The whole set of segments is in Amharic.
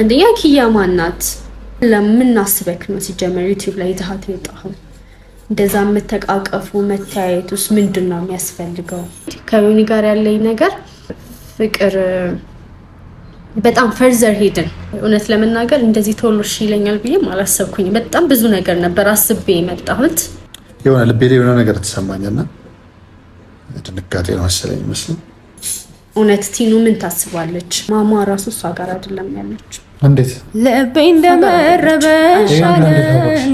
አንደኛ ኪያ ማናት? ለምን አስበክ ነው ሲጀመር ዩቲዩብ ላይ ይዘሃት የወጣኸው? እንደዛ የምተቃቀፉ መተያየት ውስጥ ምንድን ነው የሚያስፈልገው? ከዮኒ ጋር ያለኝ ነገር ፍቅር በጣም ፈርዘር ሄድን። እውነት ለመናገር እንደዚህ ቶሎ እሺ ይለኛል ብዬም አላሰብኩኝ። በጣም ብዙ ነገር ነበር አስቤ የመጣሁት። የሆነ ልቤ ላይ የሆነ ነገር ተሰማኝና ድንጋጤ ነው መሰለኝ ይመስል። እውነት ቲኑ ምን ታስባለች? ማማ ራሱ እሷ ጋር አይደለም ያለች እንዴት ልቤ እንደመረበሽ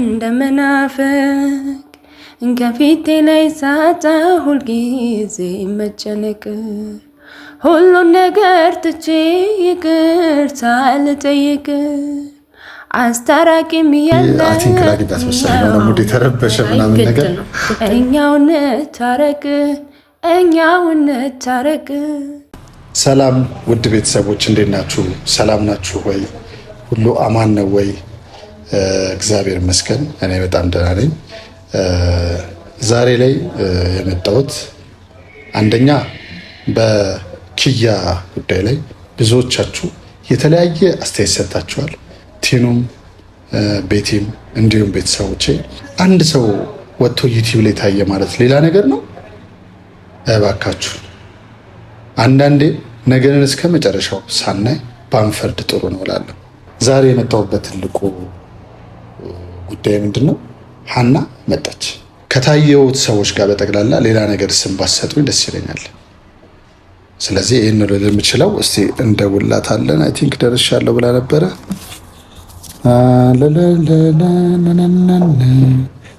እንደመናፈቅ ከፊቴ ላይ ሳጣ ሁልጊዜ መጨነቅ ሁሉን ነገር ትቼ ይቅርታ ልጠይቅ አስታራቂም ያለሙድ የተረበሸ ምናምን ነገር እኛውን ታረቅ እኛውን ታረቅ። ሰላም ውድ ቤተሰቦች እንዴት ናችሁ? ሰላም ናችሁ ወይ? ሁሉ አማን ነው ወይ? እግዚአብሔር ይመስገን እኔ በጣም ደህና ነኝ። ዛሬ ላይ የመጣሁት አንደኛ በኪያ ጉዳይ ላይ ብዙዎቻችሁ የተለያየ አስተያየት ሰጥታችኋል። ቲኑም ቤቲም እንዲሁም ቤተሰቦቼ አንድ ሰው ወጥቶ ዩቲዩብ ላይ ታየ ማለት ሌላ ነገር ነው። እባካችሁ አንዳንዴ ነገርን እስከ መጨረሻው ሳናይ ባንፈርድ ጥሩ ነው እላለሁ። ዛሬ የመጣሁበት ትልቁ ጉዳይ ምንድን ነው? ሀና መጣች። ከታየሁት ሰዎች ጋር በጠቅላላ ሌላ ነገር ስም ባሰጡኝ ደስ ይለኛል። ስለዚህ ይህን ልል የምችለው እስቲ እንደውላታለን። አይ ቲንክ ደርሻለሁ ብላ ነበረ።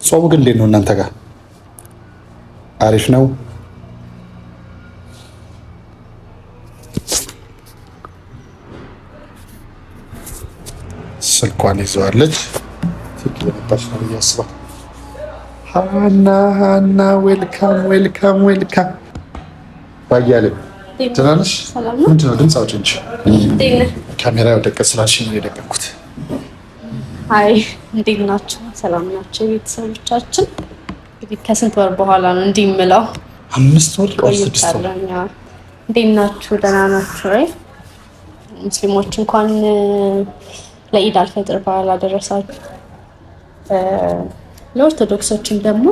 ጾሙ ግን እንዴት ነው እናንተ ጋር? አሪፍ ነው። ስልኳን ይዘዋለች። ትመጣች ነው እያስባል። ሀና ሀና ዌልካም ዌልካም ዌልካም ባያለም ትናንሽ ምንድን ነው ድምፅ አውጪ እንጂ ካሜራ ወደቀ ስላልሽኝ ነው የደቀኩት። አይ እንዴት ናቸው? ሰላም ናቸው ቤተሰቦቻችን። እንግዲህ ከስንት ወር በኋላ ነው እንዲህ የምለው አምስት ወር ስድስት እንዴት ናችሁ? ደህና ናችሁ ሙስሊሞች እንኳን ለኢድ አልፈጥር በዓል አደረሳችሁ። ለኦርቶዶክሶችም ደግሞ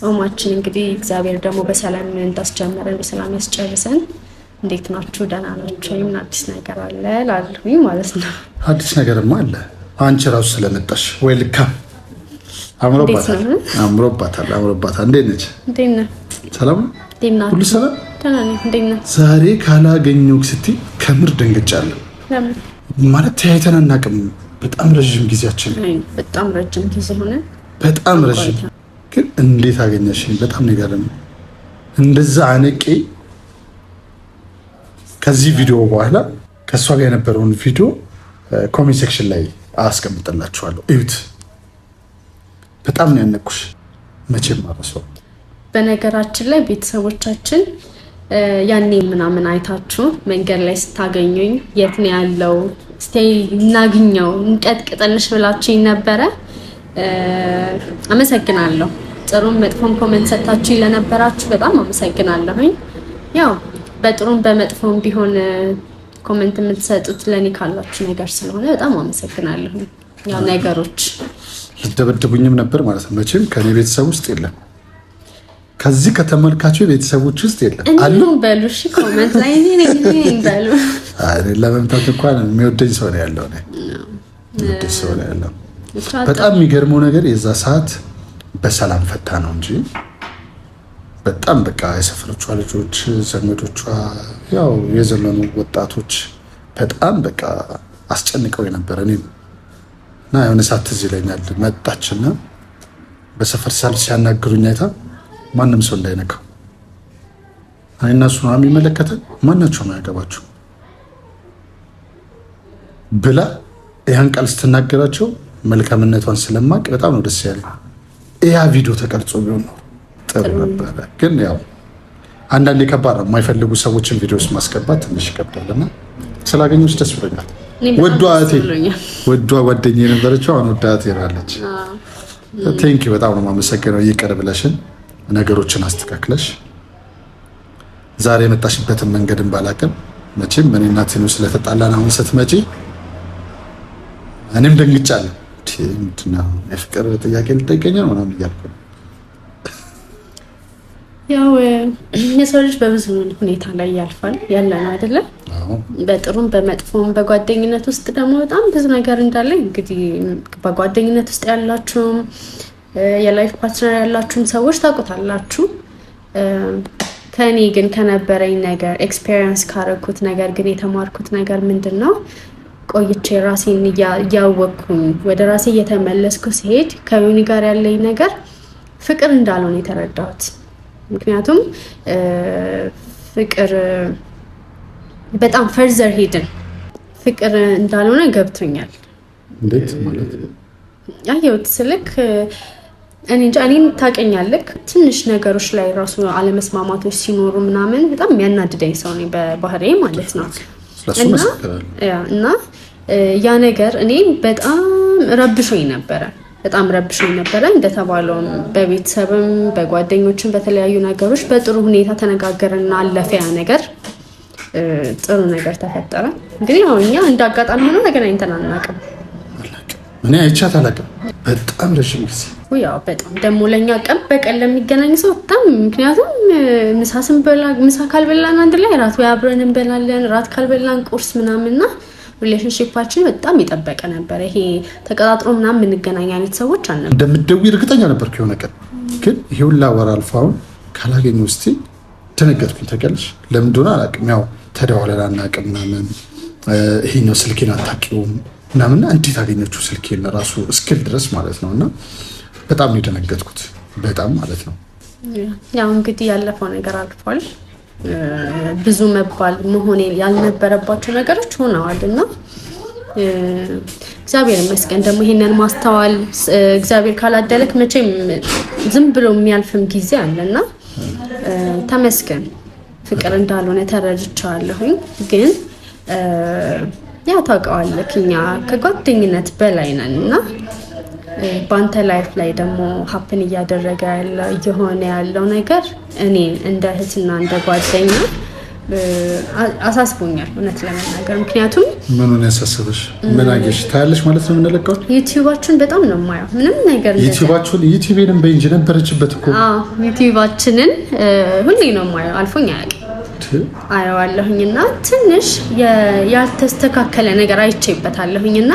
ጾማችን እንግዲህ እግዚአብሔር ደግሞ በሰላም እንዳስጀመረን በሰላም ያስጨርሰን። እንዴት ናችሁ? ደህና ናችሁ? ወይም አዲስ ነገር አለ ላልሁኝ ማለት ነው። አዲስ ነገርማ አለ። አንቺ ራሱ ስለመጣሽ ወይ ልካ አምሮባታል፣ አምሮባታል፣ እንዴት ነች? እንዴት ሰላም ሁሉ ሰላም። ዛሬ ካላገኘሁህ ስትይ ከምር ደንግጫለሁ። ማለት ተያይተን አናውቅም። በጣም ረዥም ጊዜያችን በጣም ረጅም ጊዜ ሆነ። በጣም ረዥም ግን እንዴት አገኘሽኝ? በጣም ነው እንደዛ አነቄ ከዚህ ቪዲዮ በኋላ ከእሷ ጋር የነበረውን ቪዲዮ ኮሜንት ሴክሽን ላይ አስቀምጥላችኋለሁ፣ እዩት። በጣም ነው ያነኩሽ። መቼም አረሰው። በነገራችን ላይ ቤተሰቦቻችን ያኔ ምናምን አይታችሁ መንገድ ላይ ስታገኙኝ የት ነው ያለው ስቴይ እናግኘው እንቀጥቅጠንሽ ብላችሁኝ ነበረ። አመሰግናለሁ። ጥሩም መጥፎም ኮመንት ሰታችሁ ለነበራችሁ በጣም አመሰግናለሁኝ። ያው በጥሩም በመጥፎም ቢሆን ኮመንት የምትሰጡት ለእኔ ካላችሁ ነገር ስለሆነ በጣም አመሰግናለሁኝ። ያው ነገሮች ልደበድቡኝም ነበር ማለት ነው። መቼም ከእኔ ቤተሰብ ውስጥ የለም ከዚህ ከተመልካቹ ቤተሰቦች ውስጥ የለም አሉ ኮመንት ላይ እኔ ለመምታት እንኳን የሚወደኝ ሰው ነው ያለው። የሚወደኝ ሰው ነው ያለው። በጣም የሚገርመው ነገር የዛ ሰዓት በሰላም ፈታ ነው እንጂ በጣም በቃ የሰፈሮቿ ልጆች ዘመዶቿ፣ ያው የዘመኑ ወጣቶች በጣም በቃ አስጨንቀው የነበረ እኔ እና የሆነ ሰዓት ትዝ ይለኛል መጣችና በሰፈር ሳል ሲያናግሩኝ አይታ ማንም ሰው እንዳይነካው። እኔና እሱ ነው የሚመለከተን፣ ማናቸው ነው ያገባቸው ብላ ይህን ቃል ስትናገራቸው መልካምነቷን ስለማቅ በጣም ነው ደስ ያለ። ያ ቪዲዮ ተቀርጾ ቢሆን ነው ጥሩ ነበረ። ግን ያው አንዳንድ ከባድ የማይፈልጉ ሰዎችን ቪዲዮስ ማስገባት ትንሽ ይከብዳልና ስላገኘች ደስ ብሎኛል። ወዷ እህቴ ወዷ ጓደኛ የነበረችው አሁን ወዳ እህቴ ራለች። ቴንኪ በጣም ነው የማመሰግነው ይቅር ብለሽን ነገሮችን አስተካክለሽ ዛሬ የመጣሽበትን መንገድን ባላቅም መቼም እኔና ቲኑ ስለተጣላን አሁን ስትመጪ እኔም ደንግጫለሁ። ምንድነው የፍቅር ጥያቄ ልጠይቀኝ ነው ምናምን እያልኩ ነው። ያው የሰው ልጅ በብዙ ሁኔታ ላይ ያልፋል ያለ ነው አይደለም። በጥሩም በመጥፎም በጓደኝነት ውስጥ ደግሞ በጣም ብዙ ነገር እንዳለ እንግዲህ በጓደኝነት ውስጥ ያላችሁም የላይፍ ፓርትነር ያላችሁም ሰዎች ታውቁታላችሁ። ከእኔ ግን ከነበረኝ ነገር ኤክስፔሪየንስ ካረኩት ነገር ግን የተማርኩት ነገር ምንድን ነው? ቆይቼ ራሴን እያወቅኩኝ ወደ ራሴ እየተመለስኩ ሲሄድ ከዩኒ ጋር ያለኝ ነገር ፍቅር እንዳልሆነ የተረዳሁት። ምክንያቱም ፍቅር በጣም ፈርዘር ሄድን ፍቅር እንዳልሆነ ገብቶኛል። እንዴት ማለት አየሁት ስልክ እኔ እንጃ እኔን ታውቀኛለህ። ትንሽ ነገሮች ላይ ራሱ አለመስማማቶች ሲኖሩ ምናምን በጣም የሚያናድደኝ ሰው ነኝ በባህሬ ማለት ነው። እና ያ ነገር እኔ በጣም ረብሾኝ ነበረ በጣም ረብሾኝ ነበረ። እንደተባለውም በቤተሰብም በጓደኞችም በተለያዩ ነገሮች በጥሩ ሁኔታ ተነጋገርና አለፈ ያ ነገር። ጥሩ ነገር ተፈጠረ። እንግዲህ አሁን እኛ እንዳጋጣሚ ሆኖ ነገር አይተን አናውቅም እኔ አይቻት አላውቅም። በጣም ረዥም ጊዜ ያው በጣም ደግሞ ለእኛ ቀን በቀን ለሚገናኝ ሰው በጣም ምክንያቱም ምሳ ስንበላ ምሳ ካልበላን አንድ ላይ ራት ወይ አብረን እንበላለን፣ ራት ካልበላን ቁርስ ምናምንና ሪሌሽንሽፓችን በጣም የጠበቀ ነበረ። ይሄ ተቀጣጥሮ ምናምን የምንገናኝ አይነት ሰዎች አልነበረ። እንደምትደውይ እርግጠኛ ነበርኩ። የሆነ ቀን ግን ይሄ ሁላ ወር አልፎ አሁን ካላገኘሁ እስቲ ደነገጥኩኝ። ታውቂያለሽ፣ ለምን እንደሆነ አላውቅም። ያው ተደዋውለን አናውቅም ምናምን። ይሄኛው ስልኬን አታውቂውም ምናምና እንዴት አገኘችው ስልኬን ራሱ እስክል ድረስ ማለት ነው። እና በጣም ነው የደነገጥኩት፣ በጣም ማለት ነው። ያው እንግዲህ ያለፈው ነገር አልፏል። ብዙ መባል መሆን ያልነበረባቸው ነገሮች ሆነዋል እና እግዚአብሔር ይመስገን ደግሞ ይሄንን ማስተዋል እግዚአብሔር ካላደለክ መቼም ዝም ብሎ የሚያልፍም ጊዜ አለና ተመስገን። ፍቅር እንዳልሆነ ተረድቻለሁኝ ግን ያው ታውቀዋለህ፣ እኛ ከጓደኝነት በላይ ነን እና በአንተ ላይፍ ላይ ደግሞ ሀፕን እያደረገ ያለው እየሆነ ያለው ነገር እኔ እንደ እህትና እንደ ጓደኛ አሳስቦኛል እውነት ለመናገር ምክንያቱም ምኑን ያሳስበሽ ምን አየሽ ታያለሽ ማለት ነው የምንለቀው ዩቲዩባችሁን በጣም ነው የማየው ምንም ነገር ዩቲዩባችሁን ዩቲዩቤንም በእንጂ ነበረችበት እኮ ዩቲዩባችንን ሁሌ ነው የማየው አልፎኝ አያውቅም አየዋለሁኝና ትንሽ ያልተስተካከለ ነገር አይቼበታለሁኝና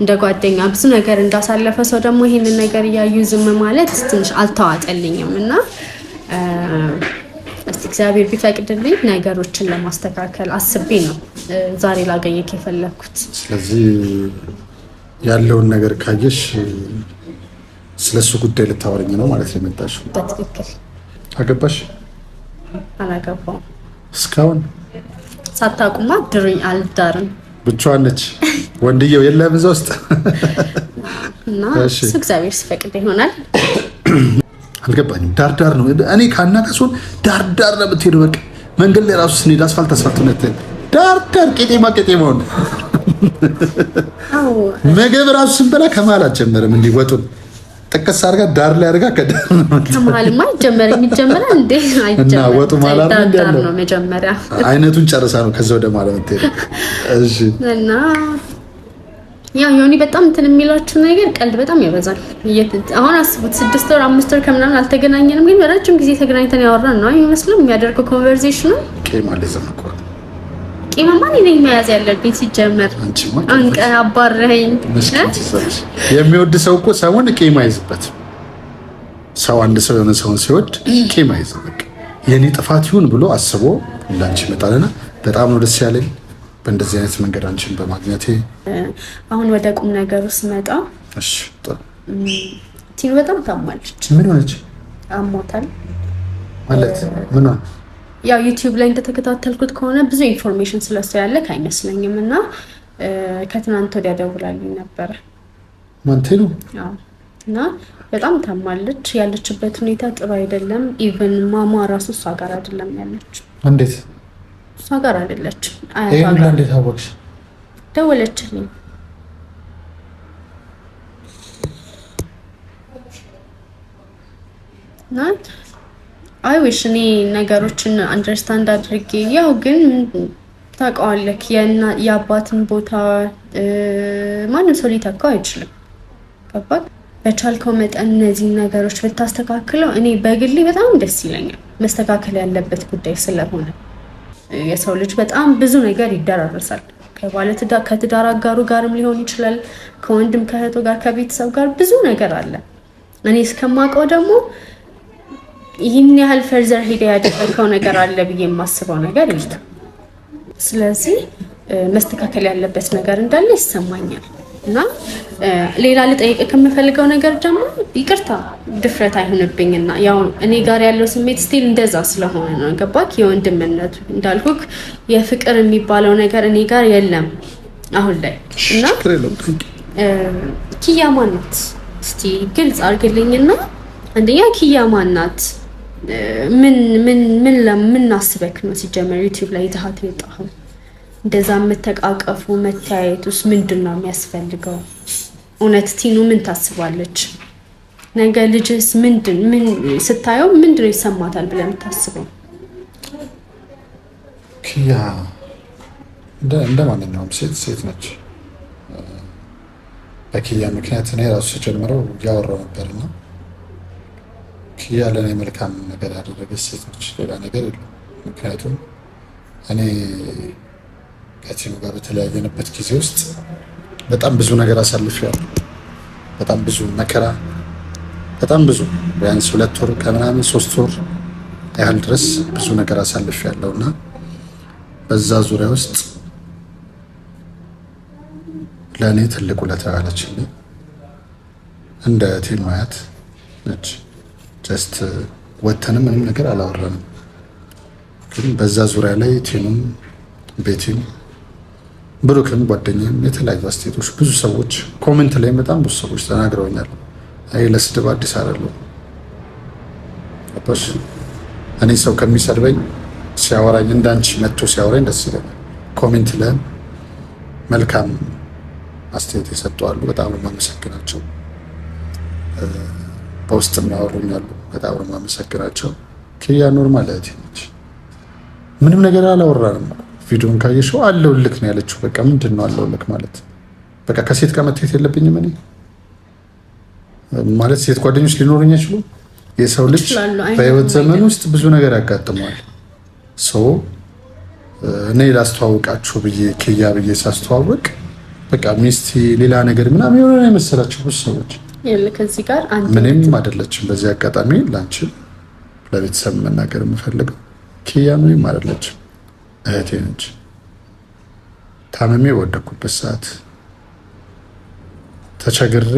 እንደ ጓደኛ ብዙ ነገር እንዳሳለፈ ሰው ደግሞ ይህንን ነገር እያዩ ዝም ማለት ትንሽ አልተዋጠልኝም እና እስቲ እግዚአብሔር ቢፈቅድልኝ ነገሮችን ለማስተካከል አስቤ ነው ዛሬ ላገኘክ የፈለግኩት። ስለዚህ ያለውን ነገር ካየሽ ስለ ስለሱ ጉዳይ ልታወረኝ ነው ማለት ነው የመጣሽው? በትክክል። አገባሽ? አላገባውም እስካሁን ሳታቁማ ድሩኝ አልዳርም። ብቻዋን ነች፣ ወንድየው የለም እዛ ውስጥ እና እሱ እግዚአብሔር ሲፈቅድ ይሆናል። አልገባኝም። ዳርዳር ነው እኔ ካናቀሱን ዳርዳር ነው የምትሄደው። በቃ መንገድ ላይ ራሱ ስንሄድ አስፋልት አስፋልት ምትል ዳርዳር ቄጤማ ቄጤማውን ምግብ ራሱ ስንበላ ከመሀል አልጀመርም እንዲህ ጥቅስ አድርጋ ዳር ላይ አድርጋ ከዳር ወጡ ነው አይነቱን ጨርሳ ነው ወደ እና ያው ዮኒ በጣም እንትን የሚሏችሁ ነገር ቀልድ በጣም አሁን አስቡት ስድስት ወር አምስት ወር ከምናምን አልተገናኘንም፣ ግን ጊዜ ተገናኝተን ያወራን ነው የሚመስለው የሚያደርገው ኮንቨርሴሽን ቂምማ እኔ መያዝ ያለብኝ ሲጀመር፣ አንቀ አባረኸኝ። የሚወድ ሰው እኮ ሰውን ቂም አይዝበት። ሰው አንድ ሰው የሆነ ሰውን ሲወድ ቂም አይዝበት። የኔ ጥፋት ይሁን ብሎ አስቦ ላንቺ ይመጣልና በጣም ነው ደስ ያለኝ በእንደዚህ አይነት መንገድ አንቺን በማግኘቴ። አሁን ወደ ቁም ነገሩ ስመጣ ቲኑ በጣም ታማለች። ምን ሆነች? አሞታል ማለት ምን ሆነ? ያው ዩቲዩብ ላይ እንደተከታተልኩት ከሆነ ብዙ ኢንፎርሜሽን ስለሱ ያለክ አይመስለኝም። እና ከትናንት ወዲያ ደውላልኝ ነበረ ማንቴሉ እና በጣም ታማለች። ያለችበት ሁኔታ ጥሩ አይደለም። ኢቨን ማማ ራሱ እሷ ጋር አይደለም ያለች። እንዴት እሷ ጋር አይደለች? እንዴት አወቅሽ? ደወለችልኝ። እና አይዊሽ እኔ ነገሮችን አንደርስታንድ አድርጌ ያው ግን ታውቀዋለህ፣ የአባትን ቦታ ማንም ሰው ሊተካው አይችልም። ገባህ? በቻልከው መጠን እነዚህን ነገሮች ብታስተካክለው እኔ በግሌ በጣም ደስ ይለኛል። መስተካከል ያለበት ጉዳይ ስለሆነ የሰው ልጅ በጣም ብዙ ነገር ይደራረሳል። ከትዳር አጋሩ ጋርም ሊሆን ይችላል፣ ከወንድም ከህቶ ጋር፣ ከቤተሰብ ጋር ብዙ ነገር አለ። እኔ እስከማውቀው ደግሞ ይህን ያህል ፈርዘር ሄደ ያደረከው ነገር አለ ብዬ የማስበው ነገር የለም። ስለዚህ መስተካከል ያለበት ነገር እንዳለ ይሰማኛል እና ሌላ ልጠይቅ ከምፈልገው ነገር ደግሞ ይቅርታ ድፍረት አይሆንብኝና ያው እኔ ጋር ያለው ስሜት ስቲል እንደዛ ስለሆነ ነው። ገባክ? የወንድምነቱ እንዳልኩክ የፍቅር የሚባለው ነገር እኔ ጋር የለም አሁን ላይ እና ኪያ ማናት? እስቲ ግልጽ አድርግልኝና አንደኛ ኪያ ማናት? ምን ለምን አስበክ ነው ሲጀመር ዩቲዩብ ላይ ይዘሃት የወጣኸው? እንደዛ የምተቃቀፉ መተያየት ውስጥ ምንድን ነው የሚያስፈልገው? እውነት ቲኑ ምን ታስባለች? ነገ ልጅስ ምንድን ምን ስታየው ምንድን ነው ይሰማታል ብለህ የምታስበው? ያ እንደ ማንኛውም ሴት ሴት ነች። በኪያ ምክንያት እኔ ራሱ ስጀምረው ያወራው ነበር ነው ያለ እኔ መልካም ነገር ያደረገ ሴቶች ሌላ ነገር የለም። ምክንያቱም እኔ ከቲኑ ጋር በተለያየንበት ጊዜ ውስጥ በጣም ብዙ ነገር አሳልፌያለሁ። በጣም ብዙ መከራ፣ በጣም ብዙ ቢያንስ ሁለት ወር ከምናምን ሶስት ወር ያህል ድረስ ብዙ ነገር አሳልፌያለሁ እና በዛ ዙሪያ ውስጥ ለእኔ ትልቅ ውለታ ዋለችልኝ እንደ እህቴ ማያት ነች። ጀስት ወተንም ምንም ነገር አላወራንም። ግን በዛ ዙሪያ ላይ ቴኑም ቤቴም ብሩክም ጓደኛም የተለያዩ አስተያየቶች ብዙ ሰዎች ኮሜንት ላይ በጣም ብዙ ሰዎች ተናግረውኛል። አይ ለስድብ አዲስ አይደለሁም። አባሽ እኔ ሰው ከሚሰድበኝ ሲያወራኝ እንዳንቺ መጥቶ ሲያወራኝ ደስ ይለኛል። ኮሜንት ላይ መልካም አስተያየት የሰጡ አሉ። በጣም የማመሰግናቸው በውስጥ የሚያወሩኝ የሚያወሩኛሉ። በጣም ነው የማመሰግናቸው። ኬያ ኖርማል እህቴ ነች። ምንም ነገር አላወራንም። ቪዲዮን ካየሽው አለውልክ ነው ያለችው። በቃ ምንድን ነው አለውልክ ማለት? በቃ ከሴት ጋር መታየት የለብኝም እኔ ማለት ሴት ጓደኞች ሊኖሩኝ አይችሉ። የሰው ልጅ በህይወት ዘመን ውስጥ ብዙ ነገር ያጋጥመዋል። ሰው እኔ ላስተዋውቃችሁ ብዬ ክያ ብዬ ሳስተዋውቅ በቃ ሚስት ሌላ ነገር ምናምን የሆነ የመሰላቸው ብዙ ሰዎች ከዚህ ጋር ምንም አይደለችም። በዚህ አጋጣሚ ላንቺ ለቤተሰብ መናገር የምፈልገው ኪያ ምንም አይደለችም፣ እህቴ ነች። ታመሜ ወደኩበት ሰዓት ተቸግሬ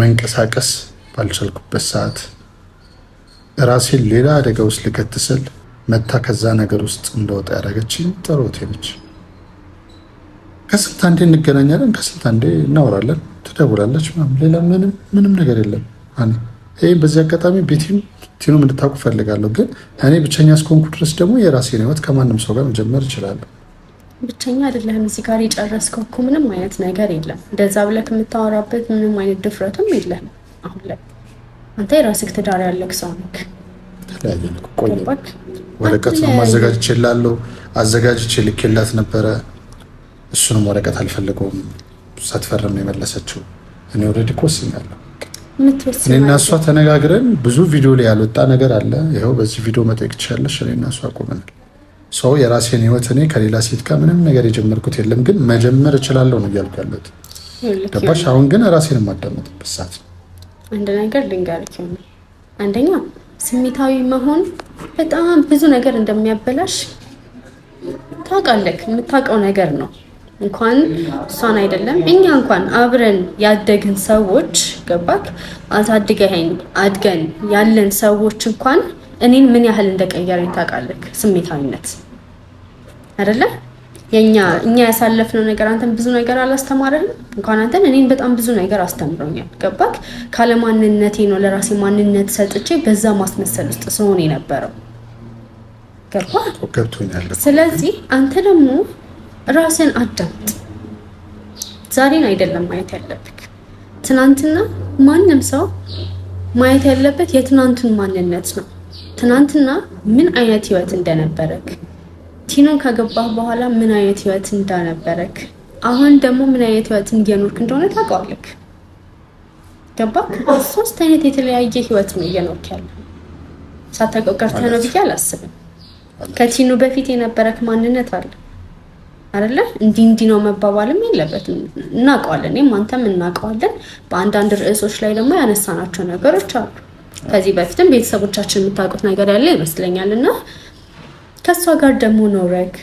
መንቀሳቀስ ባልቻልኩበት ሰዓት ራሴን ሌላ አደጋ ውስጥ ልከት ስል መታ ከዛ ነገር ውስጥ እንደወጣ ያደረገችኝ ጥሩ እህቴ ነች። ከስንት አንዴ እንገናኛለን፣ ከስንት አንዴ እናወራለን። ትደውላለች። ሌላ ምንም ነገር የለም። ይህ በዚህ አጋጣሚ ቤቲም ቲኑ እንድታውቁ ፈልጋለሁ። ግን እኔ ብቸኛ እስከሆንኩ ድረስ ደግሞ የራሴን ህይወት ከማንም ሰው ጋር መጀመር እችላለሁ። ብቸኛ አይደለህም። እዚህ ጋር የጨረስከው እኮ ምንም አይነት ነገር የለም። እንደዛ ብለህ የምታወራበት ምንም አይነት ድፍረትም የለህም። አሁን ላይ አንተ የራስህ ትዳር ያለህ ሰው ነህ። ወረቀቱንም አዘጋጅ አዘጋጅቼ ልኬላት ነበረ። እሱንም ወረቀት አልፈልገውም። ሳትፈርም የመለሰችው። እኔ ወረድ እኮ ወስኛለሁ። እኔ እና እሷ ተነጋግረን ብዙ ቪዲዮ ላይ ያልወጣ ነገር አለ። ይኸው በዚህ ቪዲዮ መጠየቅ ትችላለሽ። እኔ እና እሷ ቆመናል። ሰው የራሴን ህይወት እኔ ከሌላ ሴት ጋር ምንም ነገር የጀመርኩት የለም፣ ግን መጀመር እችላለሁ ነው እያልኩ ያለሁት። ገባሽ? አሁን ግን ራሴን የማዳመጥበት ሰዓት ነው። አንድ ነገር ልንገርህ፣ አንደኛ ስሜታዊ መሆን በጣም ብዙ ነገር እንደሚያበላሽ ታውቃለህ። የምታውቀው ነገር ነው እንኳን እሷን አይደለም እኛ እንኳን አብረን ያደግን ሰዎች ገባክ አሳድገኸኝ አድገን ያለን ሰዎች እንኳን እኔን ምን ያህል እንደቀየረኝ ታውቃለህ። ስሜታዊነት አይደለ የኛ እኛ ያሳለፍነው ነገር አንተን ብዙ ነገር አላስተማረህም። እንኳን አንተን እኔን በጣም ብዙ ነገር አስተምሮኛል። ገባክ ካለማንነቴ ነው ለራሴ ማንነት ሰጥቼ በዛ ማስመሰል ውስጥ ስሆን የነበረው ገባ። ስለዚህ አንተ ደግሞ ራስን አዳምጥ። ዛሬን አይደለም ማየት ያለብክ፣ ትናንትና ማንም ሰው ማየት ያለበት የትናንቱን ማንነት ነው። ትናንትና ምን አይነት ህይወት እንደነበረክ፣ ቲኖን ከገባህ በኋላ ምን አይነት ህይወት እንዳነበረክ፣ አሁን ደግሞ ምን አይነት ህይወት እየኖርክ እንደሆነ ታውቀዋለህ። ገባክ? ሶስት አይነት የተለያየ ህይወት ነው እየኖርክ ያለ። ሳታውቀው ቀርተህ ነው ብዬ አላስብም። ከቲኑ በፊት የነበረክ ማንነት አለ። አይደለ እንዲህ እንዲህ ነው መባባልም የለበትም። እናውቀዋለን፣ እኔም አንተም እናውቀዋለን። በአንዳንድ ርዕሶች ላይ ደግሞ ያነሳናቸው ነገሮች አሉ። ከዚህ በፊትም ቤተሰቦቻችን የምታውቁት ነገር ያለ ይመስለኛል እና ከእሷ ጋር ደግሞ ኖረግ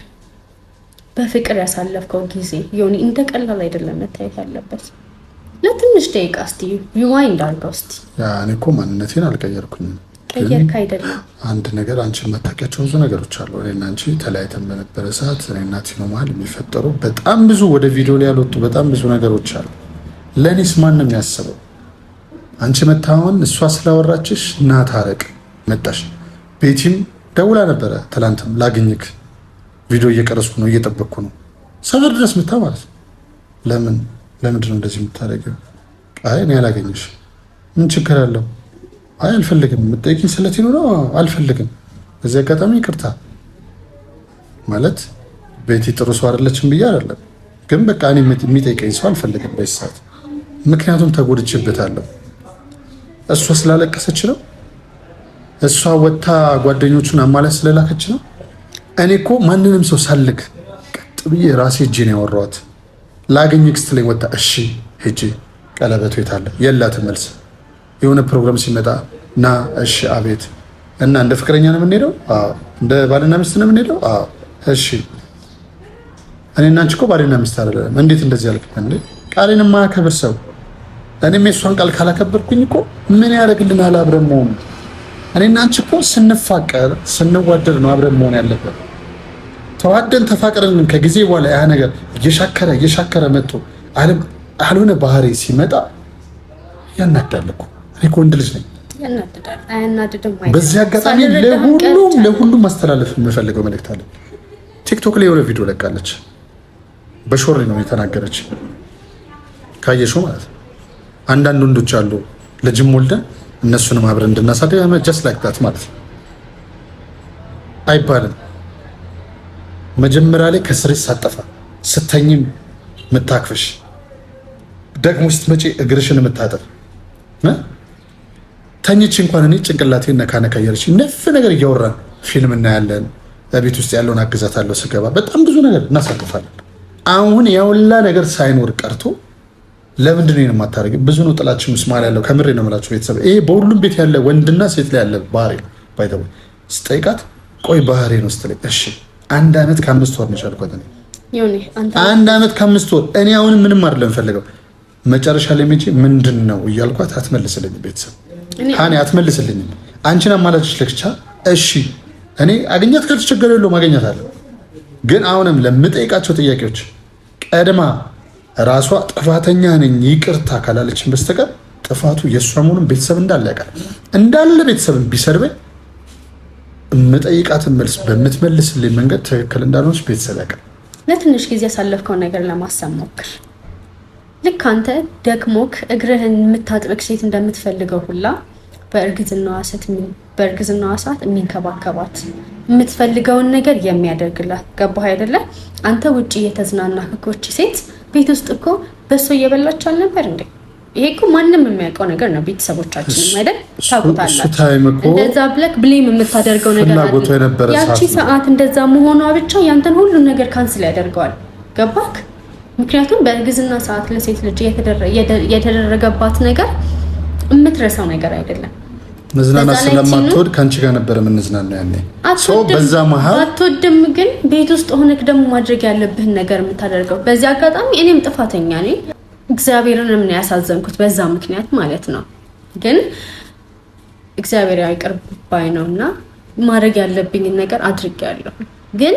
በፍቅር ያሳለፍከው ጊዜ የሆነ እንደ ቀላል አይደለም መታየት ያለበት። ለትንሽ ደቂቃ እስቲ ሪዋይንድ አድርገው እስቲ። እኔ እኮ ማንነቴን አልቀየርኩኝም ቀየርክ አይደለም። አንድ ነገር አንቺ የማታውቂያቸው ብዙ ነገሮች አሉ። እና አንቺ ተለያይተን በነበረ ሰዓት እኔና ቲኖ መሀል የሚፈጠሩ በጣም ብዙ ወደ ቪዲዮ ላይ ያልወጡ በጣም ብዙ ነገሮች አሉ። ለእኔስ ማን ነው የሚያስበው? አንቺ መታመን እሷ ስላወራችሽ ና ታረቅ መጣሽ። ቤቲም ደውላ ነበረ ትላንትም፣ ላግኝክ ቪዲዮ እየቀረስኩ ነው እየጠበቅኩ ነው። ሰፈር ድረስ ምታ ማለት ነው። ለምን ለምንድን ነው እንደዚህ የምታደርገው? አይ እኔ አላገኘሽ ምን ችግር አለው? አይ አልፈልግም፣ የምጠይቂኝ ስለት ነው አልፈልግም። በዚህ አጋጣሚ ይቅርታ ማለት ቤቴ ጥሩ ሰው አይደለችም ብዬ አይደለም፣ ግን በቃ እኔ የሚጠይቀኝ ሰው አልፈልግም በዚህ ሰዓት። ምክንያቱም ተጎድቼበታለሁ። እሷ ስላለቀሰች ነው። እሷ ወጥታ ጓደኞቹን አማለት ስለላከች ነው። እኔ እኮ ማንንም ሰው ሳልክ ቀጥ ብዬ ራሴ እጄ ነው ያወራኋት። ላገኝ ክስት ላይ እሺ ሄጄ ቀለበቱ የታለ የላትም መልስ የሆነ ፕሮግራም ሲመጣ ና እሺ፣ አቤት። እና እንደ ፍቅረኛ ነው የምንሄደው? እንደ ባልና ሚስት ነው የምንሄደው? እሺ። እኔ እና አንቺ እኮ ባልና ሚስት አይደለም። እንዴት እንደዚህ ያልክ? እንዴ ቃሌን የማያከብር ሰው እኔም የእሷን ቃል ካላከበርኩኝ እኮ ምን ያደርግልናል? አብረን መሆኑ እኔ እና አንቺ እኮ ስንፋቀር ስንዋደድ ነው አብረን መሆን ያለበት። ተዋደን ተፋቅረን ከጊዜ በኋላ ያ ነገር እየሻከረ እየሻከረ መጥቶ አልሆነ ባህሪ ሲመጣ ያናዳል እኮ እኔ ወንድ ልጅ ነኝ። በዚህ አጋጣሚ ለሁሉም ለሁሉም ማስተላለፍ የምፈልገው መልእክት አለ። ቲክቶክ ላይ የሆነ ቪዲዮ ለቃለች፣ በሾሪ ነው የተናገረች። ካየሽው ማለት ነው አንዳንድ ወንዶች አሉ ልጅም ወልደን እነሱንም አብረን እንድናሳደግ ጀስት ላይክ ዳት ማለት ነው አይባልም። መጀመሪያ ላይ ከስር ሳጠፋ ስተኝም ምታክፍሽ ደግሞ ስትመጪ እግርሽን የምታጠፍ ተኝቼ እንኳን እኔ ጭንቅላቴ ነካነካ እያለች ነፍ ነገር እያወራን ፊልም እናያለን። ቤት ውስጥ ያለውን አግዛታለሁ። ስገባ በጣም ብዙ ነገር እናሳልፋለን። አሁን ያውላ ነገር ሳይኖር ቀርቶ ለምንድን ነው የማታደርገው? ብዙ ነው ጥላችን ምስማል ያለው ከምሬ ነው የምላቸው ቤተሰብ። ይሄ በሁሉም ቤት ያለ ወንድና ሴት ላይ ያለ ባህሪ ነው። ባይተው ስጠይቃት ቆይ ባህሪ ነው ስትለኝ እሺ አንድ ዓመት ከአምስት ወር ነች አልኳት። አንድ ዓመት ከአምስት ወር እኔ አሁን ምንም አይደለም ፈልገው መጨረሻ ላይ መቼ ምንድን ነው እያልኳት አትመልስልኝ ቤተሰብ ሀኒ አትመልስልኝም። አንቺን አማላች ለክቻ እሺ፣ እኔ አገኛት ከተቸገረ የለውም አገኛታለሁ። ግን አሁንም ለምጠይቃቸው ጥያቄዎች ቀድማ ራሷ ጥፋተኛ ነኝ ይቅርታ ካላለችን በስተቀር ጥፋቱ የእሷ መሆኑን ቤተሰብ እንዳለ ያውቃል። እንዳለ ቤተሰብን ቢሰርበኝ የምጠይቃትን መልስ በምትመልስልኝ መንገድ ትክክል እንዳልሆነች ቤተሰብ ያውቃል። ለትንሽ ጊዜ ያሳለፍከውን ነገር ለማሰብ ሞክር። ልክ አንተ ደክሞክ እግርህን የምታጥበቅ ሴት እንደምትፈልገው ሁላ በእርግዝናዋ ሰት በእርግዝናዋ ሰዓት የሚንከባከባት የምትፈልገውን ነገር የሚያደርግላት ገባህ አይደለ? አንተ ውጭ እየተዝናና ህጎች ሴት ቤት ውስጥ እኮ በሶ እየበላች አልነበር እንዴ? ይሄ እኮ ማንም የሚያውቀው ነገር ነው። ቤተሰቦቻችን አይደል ታውቁታላችሁ። እንደዛ ብለክ ብሌም የምታደርገው ነገር ያቺ ሰዓት እንደዛ መሆኗ ብቻ ያንተን ሁሉን ነገር ካንስል ያደርገዋል። ገባክ? ምክንያቱም በእርግዝና ሰዓት ለሴት ልጅ የተደረገባት ነገር የምትረሳው ነገር አይደለም። መዝናናት ስለማትወድ ከአንቺ ጋር ነበረ ምንዝናና ያኔ በዛ መሀል አትወድም፣ ግን ቤት ውስጥ ሆነክ ደግሞ ማድረግ ያለብህን ነገር የምታደርገው። በዚህ አጋጣሚ እኔም ጥፋተኛ ነኝ፣ እግዚአብሔርን ምን ያሳዘንኩት በዛ ምክንያት ማለት ነው። ግን እግዚአብሔር ይቅር ባይ ነው እና ማድረግ ያለብኝን ነገር አድርጌያለሁ ግን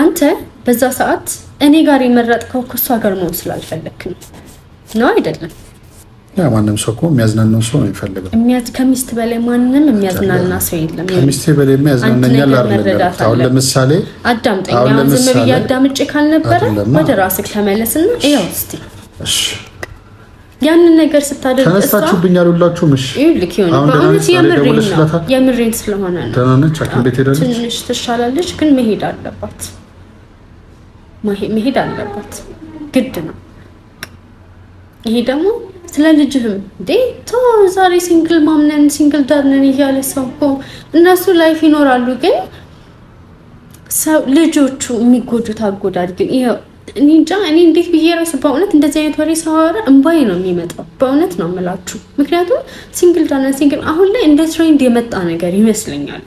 አንተ በዛ ሰዓት እኔ ጋር የመረጥከው ከእሷ ጋር መሆን ስላልፈለግክ ነው አይደለም? ማንም ሰው እኮ የሚያዝናናው ሰው ነው የሚፈልገው። ከሚስት በላይ ማንም የሚያዝናና ሰው የለም። ከሚስት በላይ የሚያዝናናኛል አልነገርኩት። አሁን ለምሳሌ አዳምጠኝ። አሁን ዝም ብዬ አዳምጬ ካልነበረ ወደ ራስህ ተመለስና ያው እስኪ ያንን ነገር ስታደርግ ተነስታችሁብኛል ሁላችሁም። እሺ በእውነት የምሬን ስለሆነ ነው። ደህና ነች፣ ሐኪም ቤት ሄዳለች፣ ትንሽ ትሻላለች፣ ግን መሄድ አለባት መሄድ አለባት፣ ግድ ነው። ይሄ ደግሞ ስለ ልጅህም እንዴ ቶ ዛሬ ሲንግል ማምነን ሲንግል ዳርነን እያለ ሰው እኮ እነሱ ላይፍ ይኖራሉ፣ ግን ሰው ልጆቹ የሚጎዱት አጎዳድ ግን ይኸው እኔ እንጃ እኔ እንዴት ብዬ ራሱ በእውነት እንደዚህ አይነት ወሬ ሳወራ እንባዬ ነው የሚመጣው። በእውነት ነው የምላችሁ። ምክንያቱም ሲንግል ዳና ሲንግል አሁን ላይ እንደ ትሬንድ የመጣ ነገር ይመስለኛል።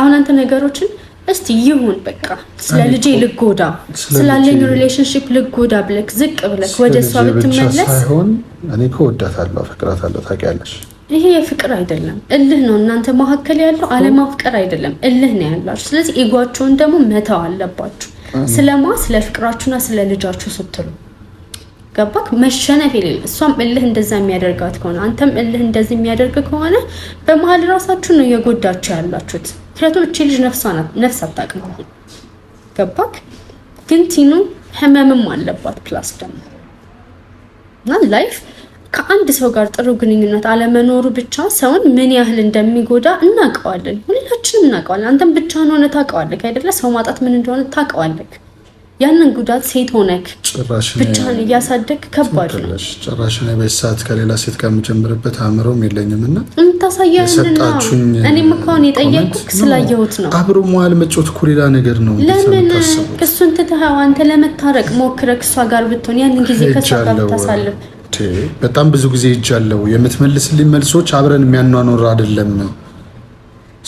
አሁን አንተ ነገሮችን እስቲ ይሁን በቃ ስለ ልጄ ልጎዳ ስላለኝ ሪሌሽንሽፕ ልጎዳ ብለክ ዝቅ ብለክ ወደ እሷ ብትመለስ ሳይሆን እኔ እኮ እወዳታለሁ፣ አፈቅራታለሁ፣ ታውቂያለሽ። ይሄ የፍቅር አይደለም፣ እልህ ነው። እናንተ መካከል ያለው አለማፍቀር አይደለም፣ እልህ ነው ያላችሁ። ስለዚህ ኢጓቸውን ደግሞ መተው አለባችሁ። ስለማ ስለ ፍቅራችሁና ስለ ልጃችሁ ስትሉ ገባክ? መሸነፍ የሌለ እሷም እልህ እንደዛ የሚያደርጋት ከሆነ አንተም እልህ እንደዚህ የሚያደርግ ከሆነ በመሀል ራሳችሁ ነው እየጎዳችሁ ያላችሁት። ምክንያቱም እቺ ልጅ ነፍሷ ናት፣ ነፍስ አታውቅም። ገባክ? ግን ቲኑ ህመምም አለባት ፕላስ ደግሞ እና ላይፍ ከአንድ ሰው ጋር ጥሩ ግንኙነት አለመኖሩ ብቻ ሰውን ምን ያህል እንደሚጎዳ እናውቀዋለን። ሁላችንም እናውቀዋለን። አንተም ብቻህን ሆነ ታውቀዋለህ አይደለ? ሰው ማጣት ምን እንደሆነ ታውቀዋለህ። ያንን ጉዳት ሴት ሆነክ ብቻን እያሳደግ ከባድ ነው። ጭራሽ እኔ በዚ ሰዓት ከሌላ ሴት ጋር የምጀምርበት አእምሮም የለኝም እና የምታሳያልናችሁኝ እኔም እኮ አሁን የጠየቅኩህ ስላየሁት ነው። አብሮ መዋል መጮት እኮ ሌላ ነገር ነው። ለምን እሱን ትተኸው አንተ ለመታረቅ ሞክረህ እሷ ጋር ብትሆን ያንን ጊዜ ከሷ ጋር ብታሳልፍ በጣም ብዙ ጊዜ ይጃለው የምትመልስልኝ መልሶች አብረን የሚያኗኖር አይደለም።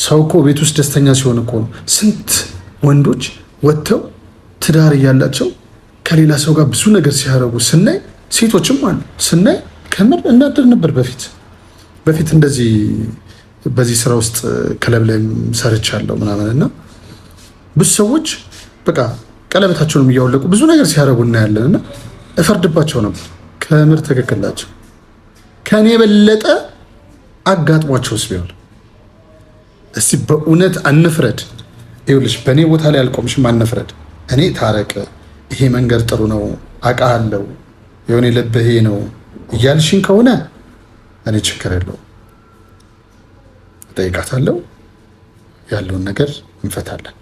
ሰው እኮ ቤት ውስጥ ደስተኛ ሲሆን እኮ ነው ስንት ወንዶች ወጥተው ትዳር እያላቸው ከሌላ ሰው ጋር ብዙ ነገር ሲያደርጉ ስናይ፣ ሴቶችም አሉ ስናይ፣ ከምር እናደር ነበር። በፊት በፊት እንደዚህ በዚህ ስራ ውስጥ ክለብ ላይ ሰርቻለሁ ምናምን እና ብዙ ሰዎች በቃ ቀለበታቸውንም እያወለቁ ብዙ ነገር ሲያደርጉ እናያለን እና እፈርድባቸው ነበር። ከምር ትክክል ናቸው። ከኔ የበለጠ አጋጥሟቸውስ ቢሆን እስቲ በእውነት አንፍረድ። ይኸውልሽ በእኔ ቦታ ላይ አልቆምሽም፣ አንፍረድ። እኔ ታረቅ፣ ይሄ መንገድ ጥሩ ነው፣ አውቃለሁ፣ የሆነ ልብህ ነው እያልሽኝ ከሆነ እኔ ችግር የለውም፣ እጠይቃታለሁ፣ ያለውን ነገር እንፈታለን።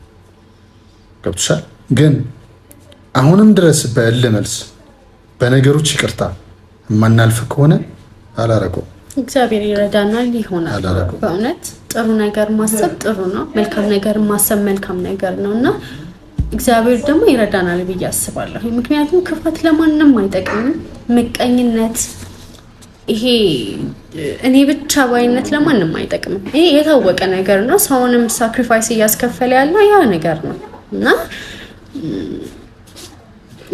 ገብቶሻል? ግን አሁንም ድረስ በእል መልስ በነገሮች ይቅርታ የማናልፍ ከሆነ አላረገውም። እግዚአብሔር ይረዳናል፣ ይሆናል። በእውነት ጥሩ ነገር ማሰብ ጥሩ ነው። መልካም ነገር ማሰብ መልካም ነገር ነው እና እግዚአብሔር ደግሞ ይረዳናል ብዬ አስባለሁ። ምክንያቱም ክፋት ለማንም አይጠቅምም። ምቀኝነት፣ ይሄ እኔ ብቻ ባይነት ለማንም አይጠቅምም። ይሄ የታወቀ ነገር ነው። ሰውንም ሳክሪፋይስ እያስከፈለ ያለው ያ ነገር ነው እና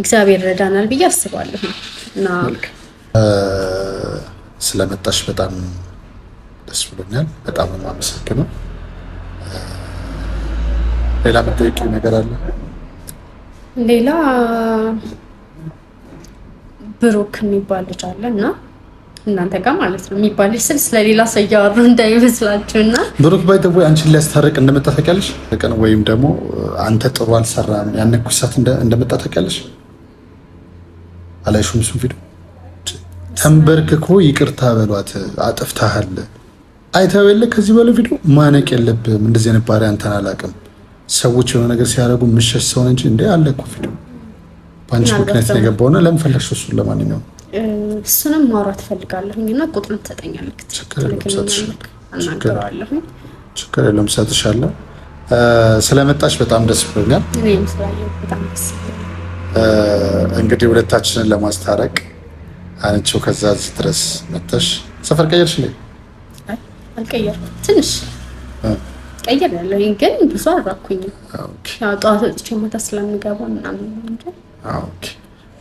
እግዚአብሔር ይረዳናል ብዬ አስባለሁ እና ስለመጣሽ በጣም ደስ ብሎኛል። በጣም ነው የማመሰግነው። ሌላ መጠየቅ ነገር አለ? ሌላ ብሩክ የሚባል ልጅ አለ እና እናንተ ጋር ማለት ነው የሚባል ልጅ ስል ስለሌላ ሰው እያወሩ እንዳይመስላችሁ። እና ብሩክ ባይ ወይ አንቺን ሊያስታርቅ እንደመጣ ታውቂያለሽ ቀን ወይም ደግሞ አንተ ጥሩ አልሰራም ያንን ኩሳት እንደመጣ ታውቂያለሽ። አላይሹም እሱን ቪዲዮ ተንበርክኮ ይቅርታ በሏት አጥፍታሃል አይተው የለ ከዚህ በለ ቪዲዮ ማነቅ የለብም እንደዚህ አይነት ባህሪ አንተን አላውቅም ሰዎች የሆነ ነገር ሲያደርጉ የምሸሽ ሰውን እንጂ እንደ አለ እኮ ፊቱ በአንቺ ምክንያት ነው የገባውና ለምን ፈለግሽ? እሱን ለማንኛውም እሱንም ማውራት እፈልጋለሁኝ እና ቁጥሩን ትሰጠኛለህ? ችግር የለውም እሰጥሻለሁ። ስለመጣች በጣም ደስ ብሎኛል። እንግዲህ ሁለታችንን ለማስታረቅ አንቺው ከዛ እዚህ ድረስ መጥተሽ ሰፈር ቀየርሽ? ላይ አልቀየርኩም ትንሽ ቀየር ያለው ይህ ግን ብዙ አራኩኝ ጠዋት ወጥቼ ማታ ስለምገባ ምናምን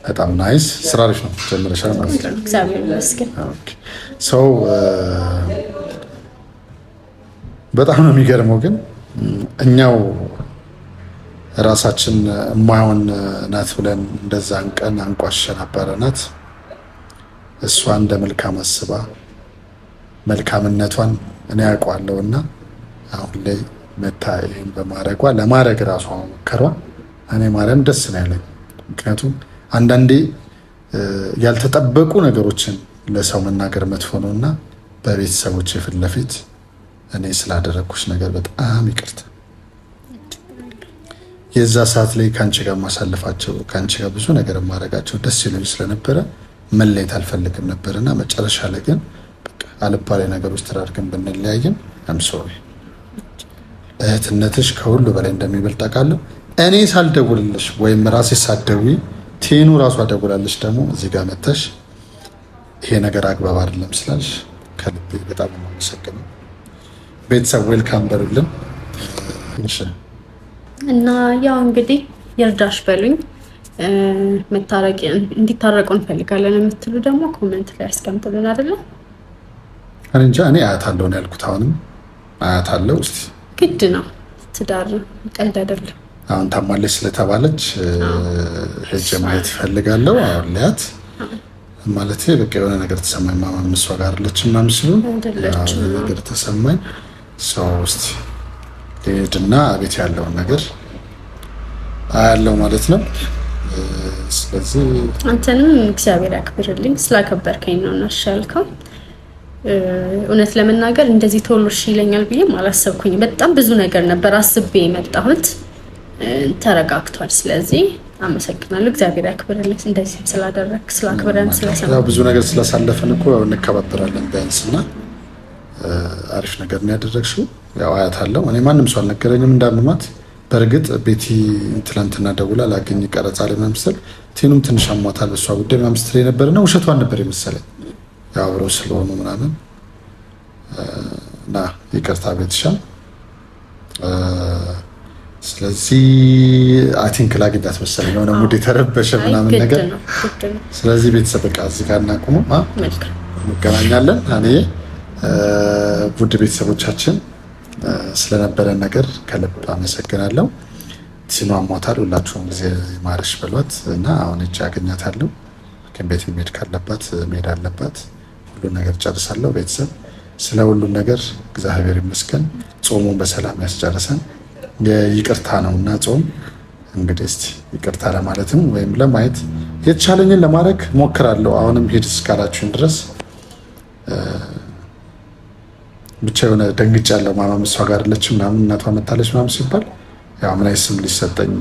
በጣም ናይስ ስራ ልሽ ነው ጀምረሻል ማለት ነው። ሰው በጣም ነው የሚገርመው። ግን እኛው ራሳችን እማይሆን ናት ብለን እንደዛን ቀን አንቋሸ ነበረ ናት እሷ እንደ መልካም አስባ መልካምነቷን እኔ ያውቀዋለሁ እና አሁን ላይ መታ ይህን በማድረጓ ለማድረግ ራሷ መሞከሯ እኔ ማርያም ደስ ነው ያለኝ። ምክንያቱም አንዳንዴ ያልተጠበቁ ነገሮችን ለሰው መናገር መጥፎ ነው እና በቤተሰቦች ፊት ለፊት እኔ ስላደረግኩሽ ነገር በጣም ይቅርታ። የዛ ሰዓት ላይ ከአንቺ ጋር ማሳለፋቸው ከአንቺ ጋር ብዙ ነገር ማድረጋቸው ደስ ይለኝ ስለነበረ መለየት አልፈልግም ነበር እና መጨረሻ ላይ ግን አልባሌ ነገሮች ተዳርገን ብንለያየም አም ሶሪ እህትነትሽ ከሁሉ በላይ እንደሚበልጥ አውቃለሁ። እኔ ሳልደውልልሽ ወይም ራሴ ሳደዊ ቴኑ ራሷ ደውላለች። ደግሞ እዚህ ጋር መተሽ ይሄ ነገር አግባብ አይደለም ስላልሽ ከልቤ በጣም የማመሰግነው። ቤተሰብ ዌልካም በሉልን እና ያው እንግዲህ ይርዳሽ በሉኝ። እንዲታረቁ እንፈልጋለን የምትሉ ደግሞ ኮመንት ላይ ያስቀምጥልን። አይደለም እንጃ እኔ አያት አለው ነው ያልኩት። አሁንም አያት አለው እስኪ ግድ ነው። ትዳር ቀልድ አይደለም። አሁን ታማለች ስለተባለች ሄጄ ማየት ይፈልጋለው። አሁን ሊያት ማለት በቃ የሆነ ነገር ተሰማኝ። ማማ እሷ ጋር አለች ምናምን ሲሉ ነገር ተሰማኝ። ሰው ውስጥ ሄድና ቤት ያለውን ነገር አያለው ማለት ነው። ስለዚህ አንተንም እግዚአብሔር ያክብርልኝ ስላከበርከኝ ነው እናሻልከው እውነት ለመናገር እንደዚህ ቶሎ እሺ ይለኛል ብዬም አላሰብኩኝ። በጣም ብዙ ነገር ነበር አስቤ የመጣሁት። ተረጋግቷል። ስለዚህ አመሰግናለሁ። እግዚአብሔር ያክብርልኝ። እንደዚህ ስላደረግ ስላክብረን ስለሰማ ብዙ ነገር ስላሳለፈን እኮ እንከባበራለን ቢያንስ እና አሪፍ ነገር ነው ያደረግሽው። ያው አያት አለው እኔ ማንም ሰው አልነገረኝም እንዳመማት። በእርግጥ ቤቲ ትናንትና ደውላ ላገኝ ቀረጻ ላይ መምሰል ቴኑም ትንሽ አሟታል በሷ ጉዳይ ማምስትር ስትል የነበረና ውሸቷን ነበር የመሰለኝ አብረው ስለሆኑ ምናምን እና ይቅርታ ቤትሻ። ስለዚህ አይ ቲንክ ላግኛት መሰለኝ የሆነ ሙድ የተረበሸ ምናምን ነገር። ስለዚህ ቤተሰብ በቃ እዚህ ጋር እናቁሙ፣ እንገናኛለን። እኔ ውድ ቤተሰቦቻችን ስለነበረን ነገር ከልብ አመሰግናለሁ። ሲኑ ሞታል። ሁላችሁም ጊዜ ማረሽ በሏት እና አሁን እጅ አገኛታለሁ። ግን ቤት መሄድ ካለባት መሄድ አለባት። ሁሉን ነገር ጨርሳለሁ። ቤተሰብ ስለ ሁሉን ነገር እግዚአብሔር ይመስገን። ጾሙን በሰላም ያስጨርሰን። የይቅርታ ነው እና ጾም እንግዲህ እስቲ ይቅርታ ለማለትም ወይም ለማየት የተቻለኝን ለማድረግ ሞክራለሁ። አሁንም ሂድ እስካላችሁን ድረስ ብቻ የሆነ ደንግጫ ያለው ማማም እሷ ጋር አለች ምናምን እናቷ መታለች ምናምን ሲባል ያው ምን ስም ሊሰጠኝ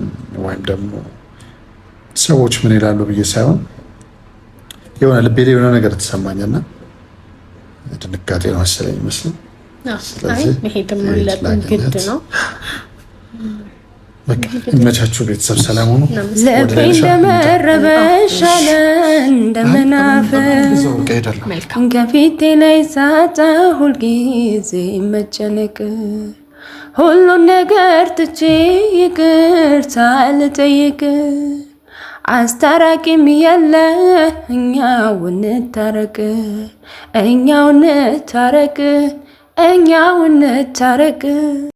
ወይም ደግሞ ሰዎች ምን ይላሉ ብዬ ሳይሆን የሆነ ልቤ የሆነ ነገር ተሰማኝና ድንጋጤ ነው መሰለኝ ይመስል። ስለዚህ ቤተሰብ፣ ሰላም ሆኑ። ልቤ እንደመረበሽ ከፊቴ ላይ ሳጣ ሁልጊዜ መጨነቅ ሁሉን ነገር ትቼ ይቅርታ ልጠይቅ አስታራቂም የለ እኛው እንታረቅ እኛው እንታረቅ እኛው እንታረቅ